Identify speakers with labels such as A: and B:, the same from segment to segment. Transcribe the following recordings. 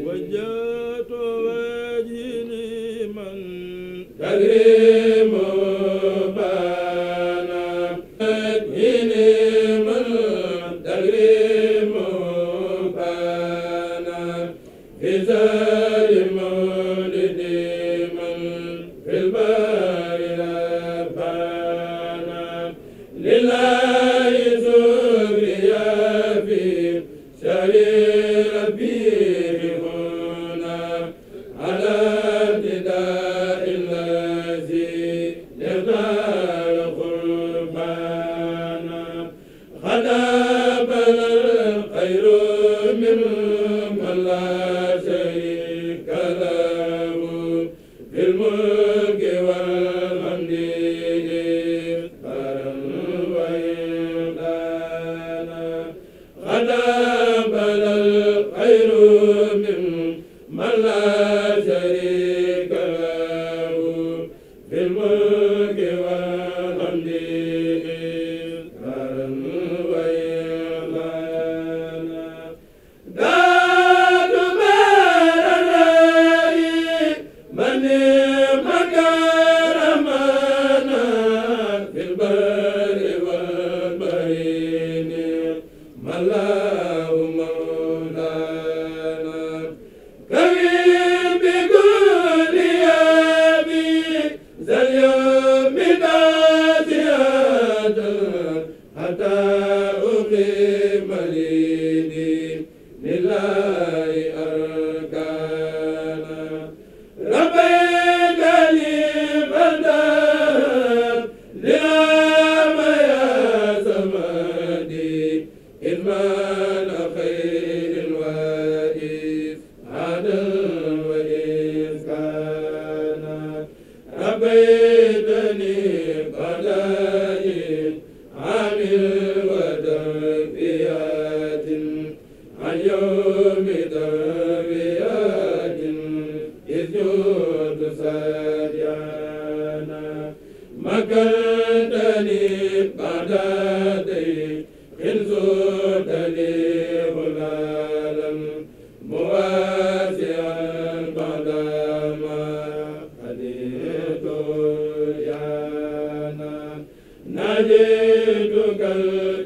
A: وجهت وجهي من كريم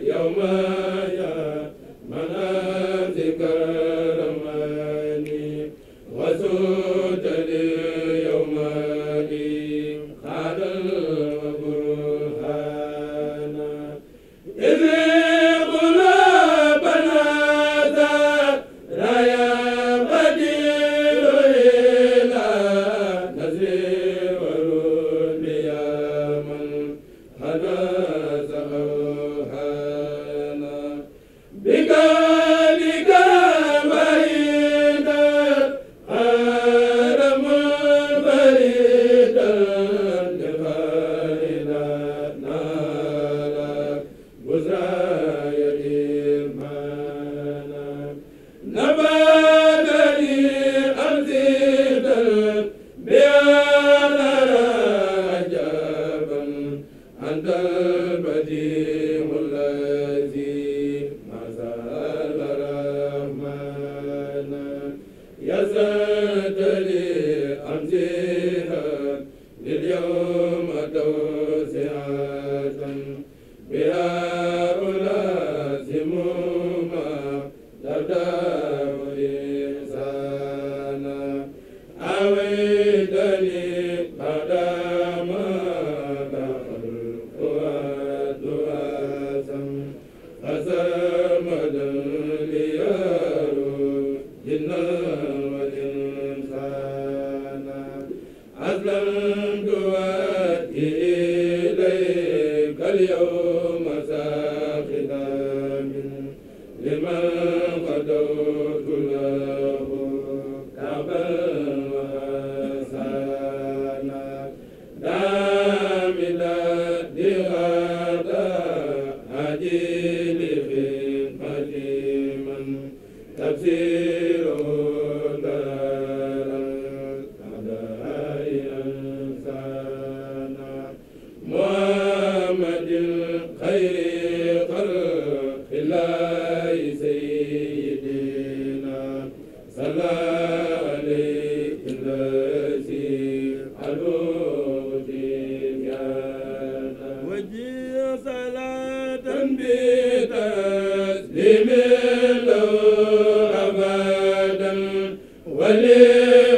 A: يوم مساقنا من لمن قدوت لنا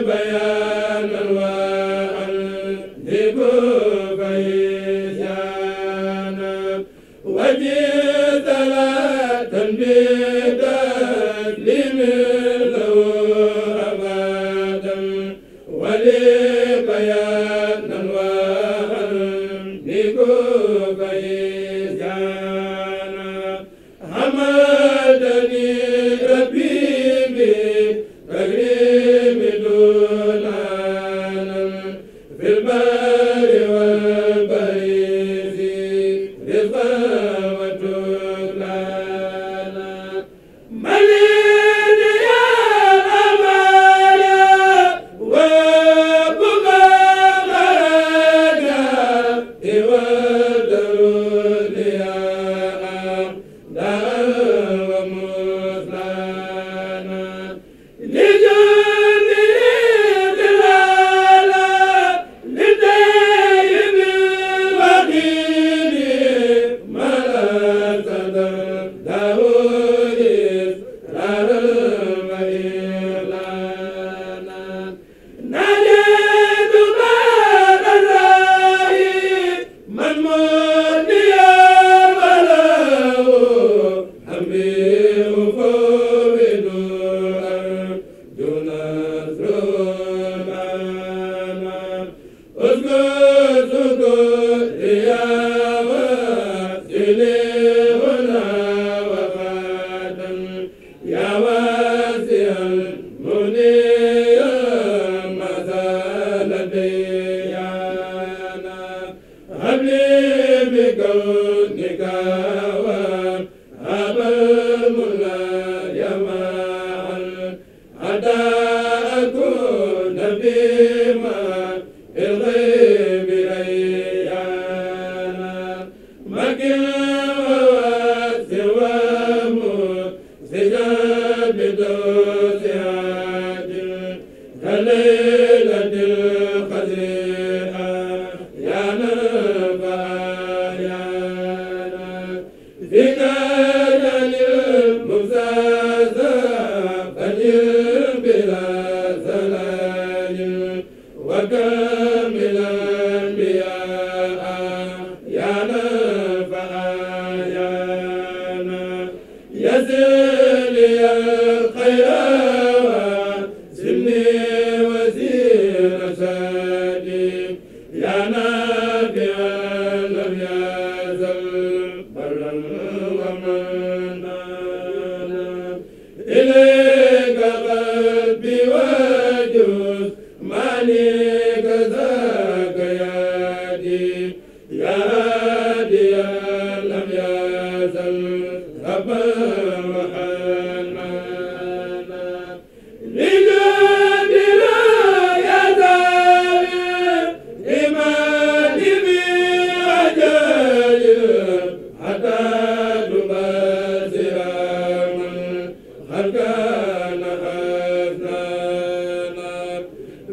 A: ba ya Hazır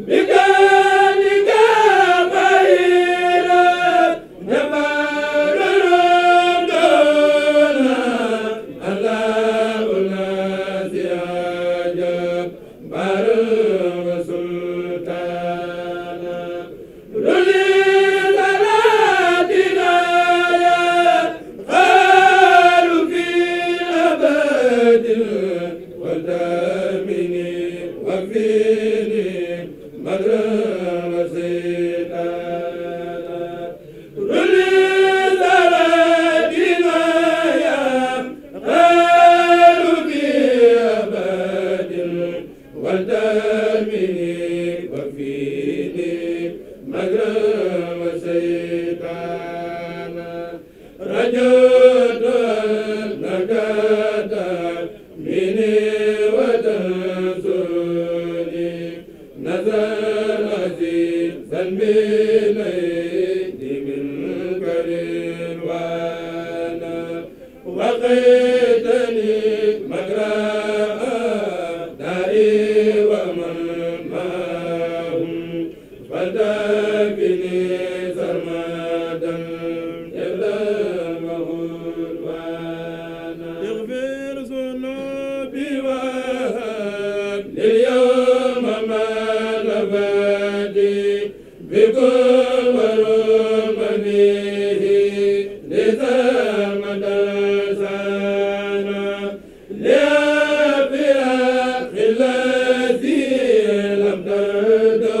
A: bi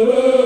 A: la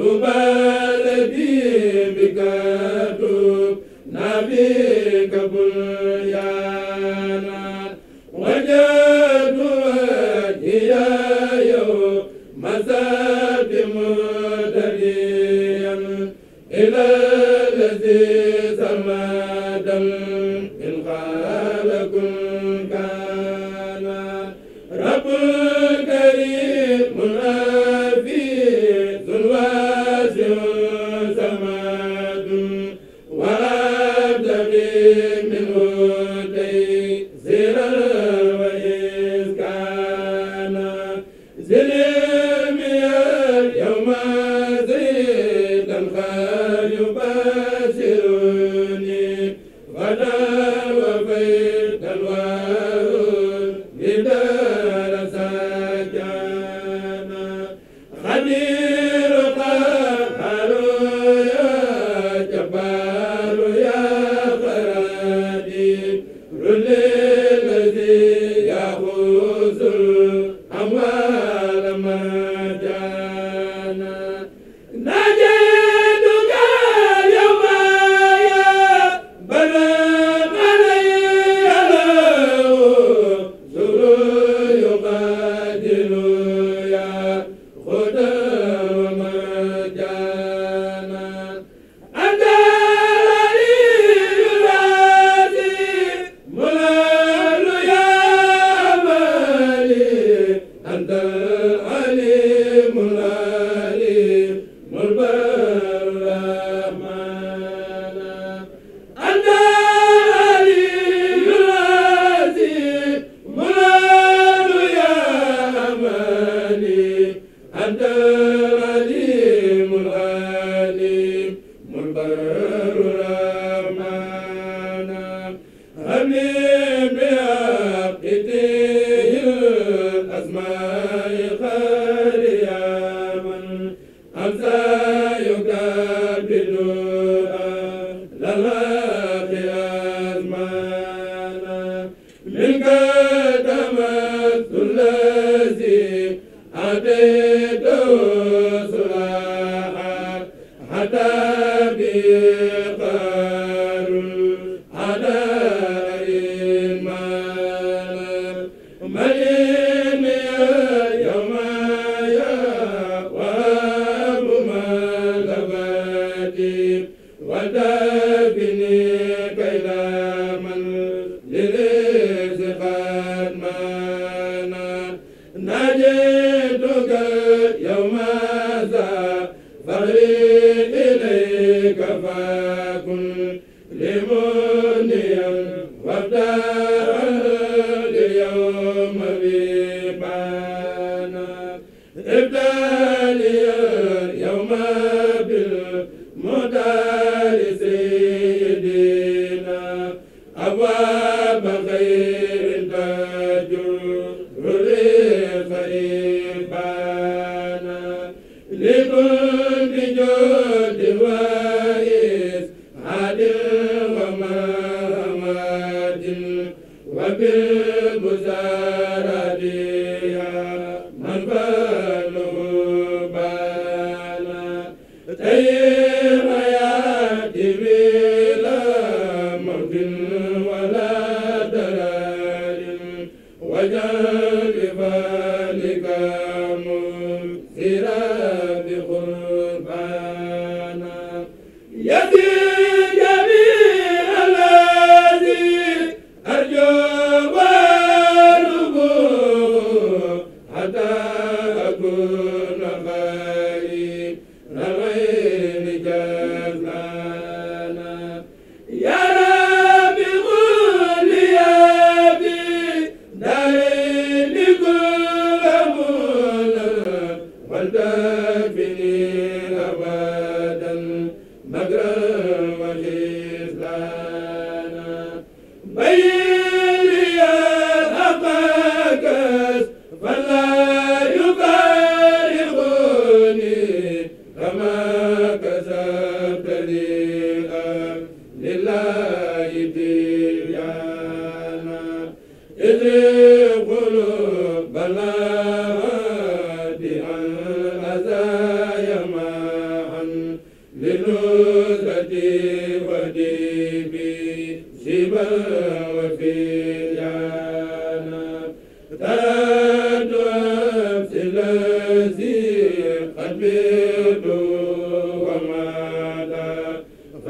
A: lu dal Dieu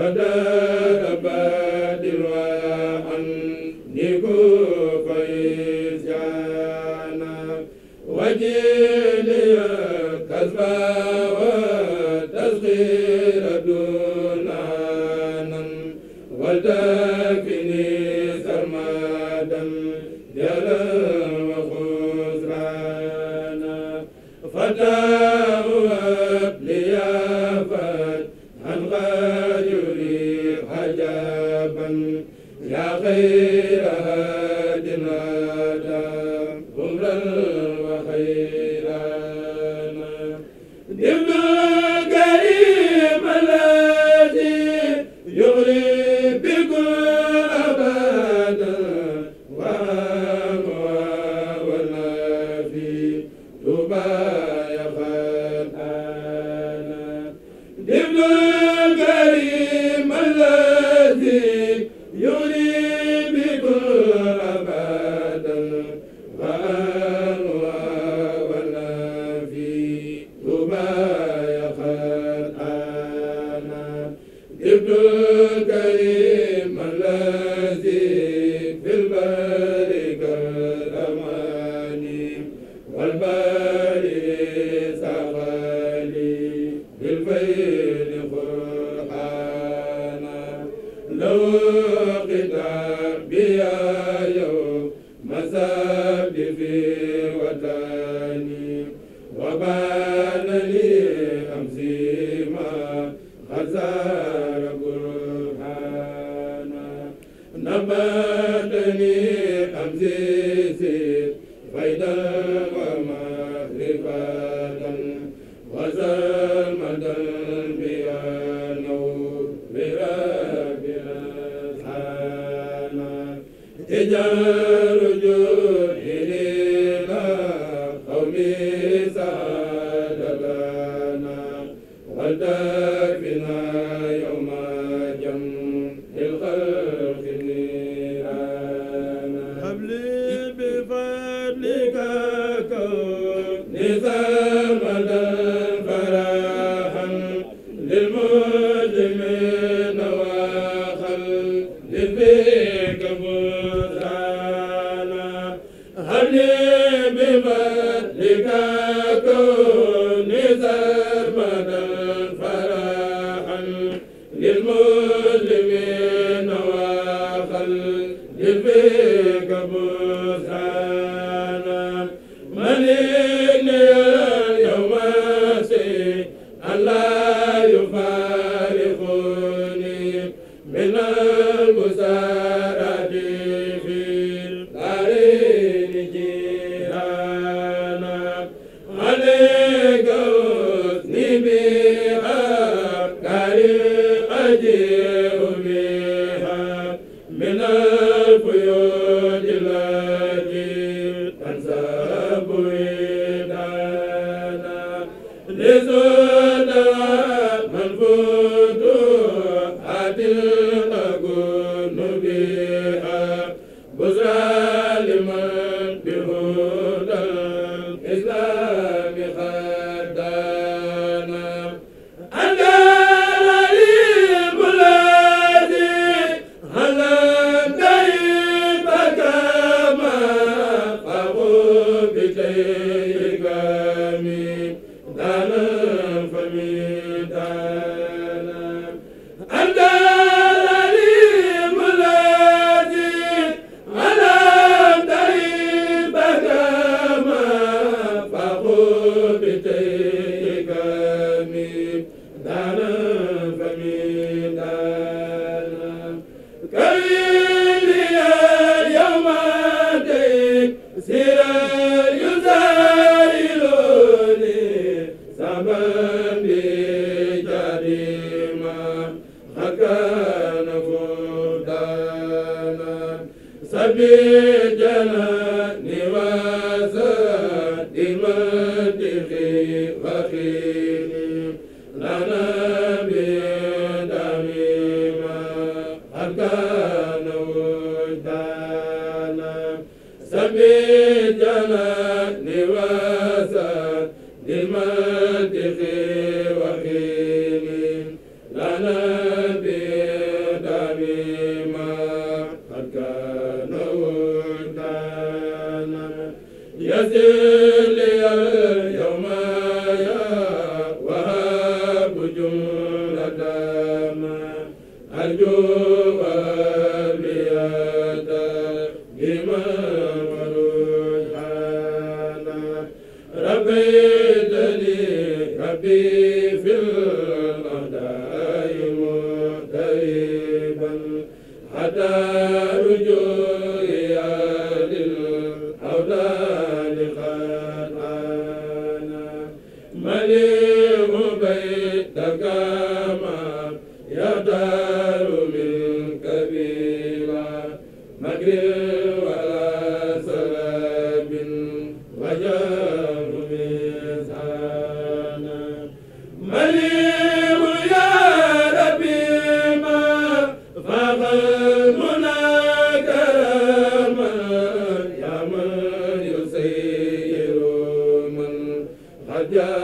A: Ada azara burhana naba هني بمثلك كن Dieu Zero. jo ja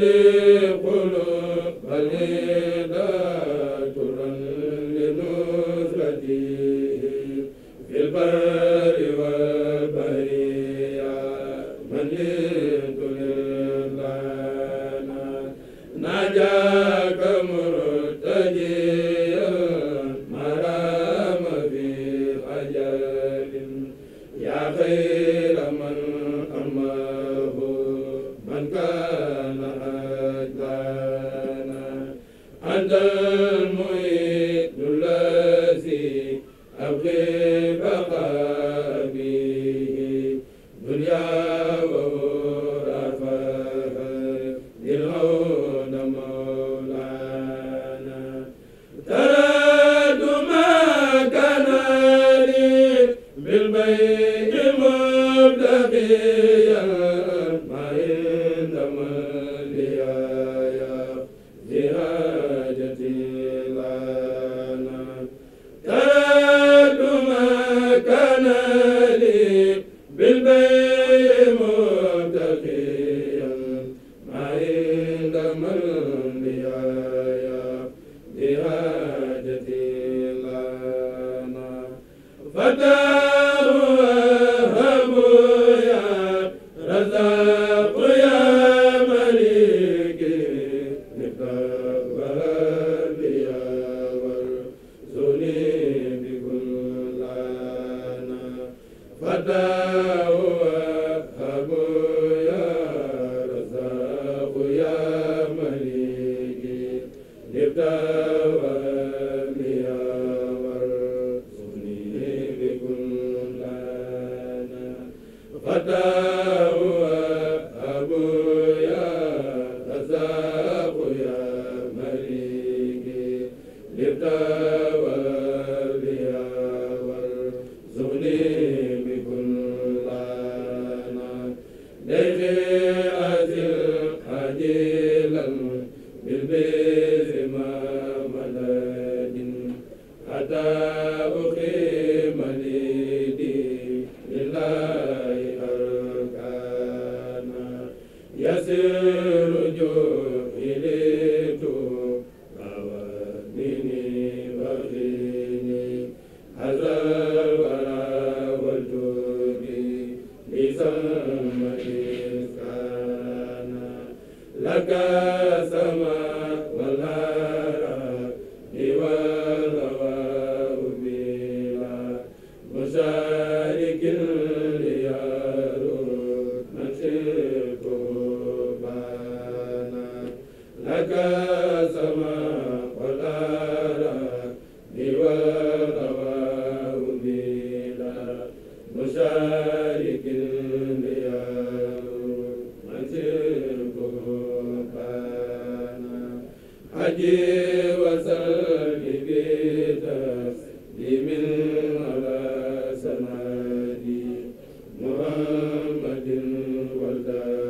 A: li qulubani the